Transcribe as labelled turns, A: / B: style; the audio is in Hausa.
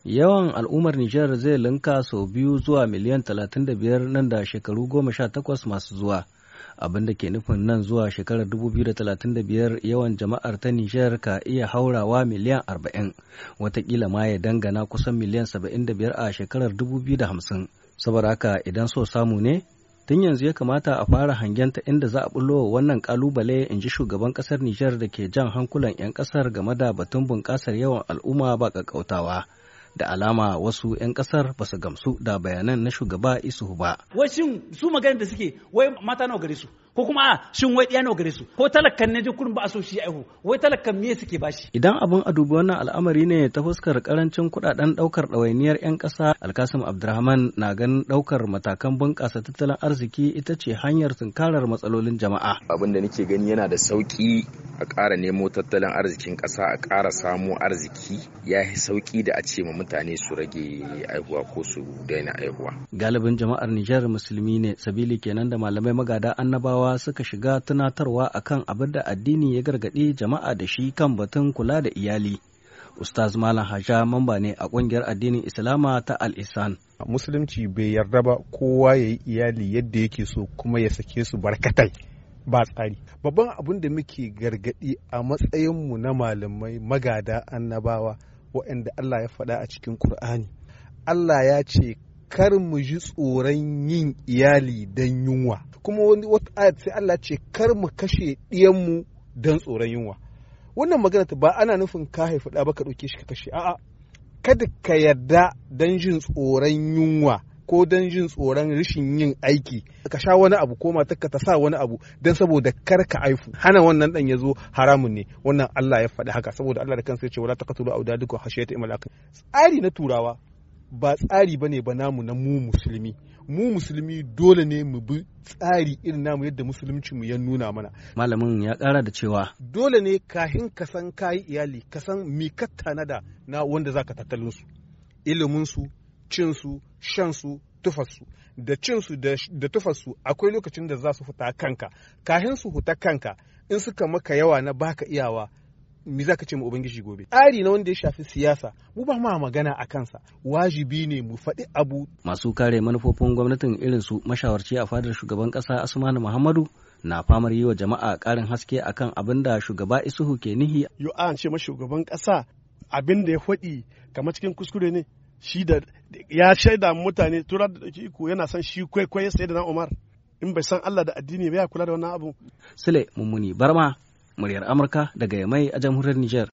A: Yawan al'ummar Nijar zai linka sau biyu zuwa miliyan 35 nan da shekaru 18 masu zuwa. Abin da ke nufin nan zuwa shekarar 2035 yawan jama'ar ta Nijar ka iya haurawa miliyan 40, watakila ma ya dangana kusan miliyan 75 a shekarar 2050. Saboda haka idan so samu ne, tun yanzu ya kamata a fara hangen ta inda za a bullo wannan kalubale in ji shugaban kasar Nijar da ke jan hankulan 'yan kasar game da batun bunƙasar yawan al'umma ba ƙaƙƙautawa. da alama wasu 'yan kasar ba su gamsu da bayanan na shugaba isu ba. Wai shin su magana da suke wai mata nawa gare su ko kuma a shin wai ɗiya nawa gare su ko talakan ne kurin ba a so shi aihu wai talakan me suke bashi. Idan abin a dubi wannan al'amari ne ta fuskar karancin kuɗaɗen ɗaukar ɗawainiyar 'yan ƙasa Alkasim Abdurrahman na ganin ɗaukar matakan bunƙasa tattalin arziki ita ce hanyar tunkarar matsalolin jama'a. Abin da nake gani yana da sauƙi
B: a ƙara nemo tattalin arzikin ƙasa a ƙara samo arziki ya yi sauƙi da a ce ma mutane su rage aihuwa ko su daina aihuwa.
A: Galibin jama'ar Nijar musulmi ne sabili kenan da malamai magada annabawa suka shiga tunatarwa a kan abin da addini ya gargaɗi jama'a da shi kan batun kula da iyali. Ustaz Malam Haja mamba
B: ne a ƙungiyar addinin Islama ta al isan Musulunci bai yarda ba kowa ya yi iyali yadda yake so kuma ya sake su barkatai. ba tsari babban abin da muke gargadi a matsayinmu na malamai magada annabawa waɗanda Allah ya faɗa a cikin ƙur'ani Allah ya ce kar mu ji tsoron yin iyali don yunwa kuma wani wata ayat sai Allah ce kar mu kashe ɗiyanmu don tsoron yunwa wannan magana ta ba ana nufin ka haifi ɗa ba ka ɗauke shi ka kashe a'a kada ka yarda don jin tsoron yunwa ko don jin tsoron rashin yin aiki ka sha wani abu ko matarka ta sa wani abu don saboda kar ka aifu hana wannan dan ya zo haramun ne wannan Allah ya faɗi haka saboda Allah da kansa ya ce wala taqtulu awdadukum khashiyata imlaq tsari na turawa ba tsari bane ba namu na mu musulmi mu musulmi dole ne mu bi tsari irin namu yadda musulunci mu ya nuna mana
A: malamin ya kara da cewa
B: dole ne kahin ka san kayi iyali ka san mi kattana da na wanda zaka tattalin su ilimin su cinsu shansu tufarsu da cinsu da tufarsu akwai lokacin da za su huta kanka kahin su huta kanka in suka maka yawa na baka iyawa me za ka ce mu ubangiji gobe tsari na wanda ya shafi siyasa mu ba ma magana a kansa wajibi ne mu faɗi abu
A: masu kare manufofin gwamnatin irin su mashawarci a fadar shugaban ƙasa asmanu muhammadu na famar yi wa jama'a ƙarin haske akan abin
B: da shugaba isuhu ke nihi yo an ce shugaban ƙasa abin da ya faɗi kamar cikin kuskure ne shi da ya shaida mutane tura da ɗauki iko yana san shi kwaikwai sai da na umar in bai san allah da addini ba ya kula da wannan abu
A: sule mummuni barma muryar amurka daga yamai a jamhuriyar niger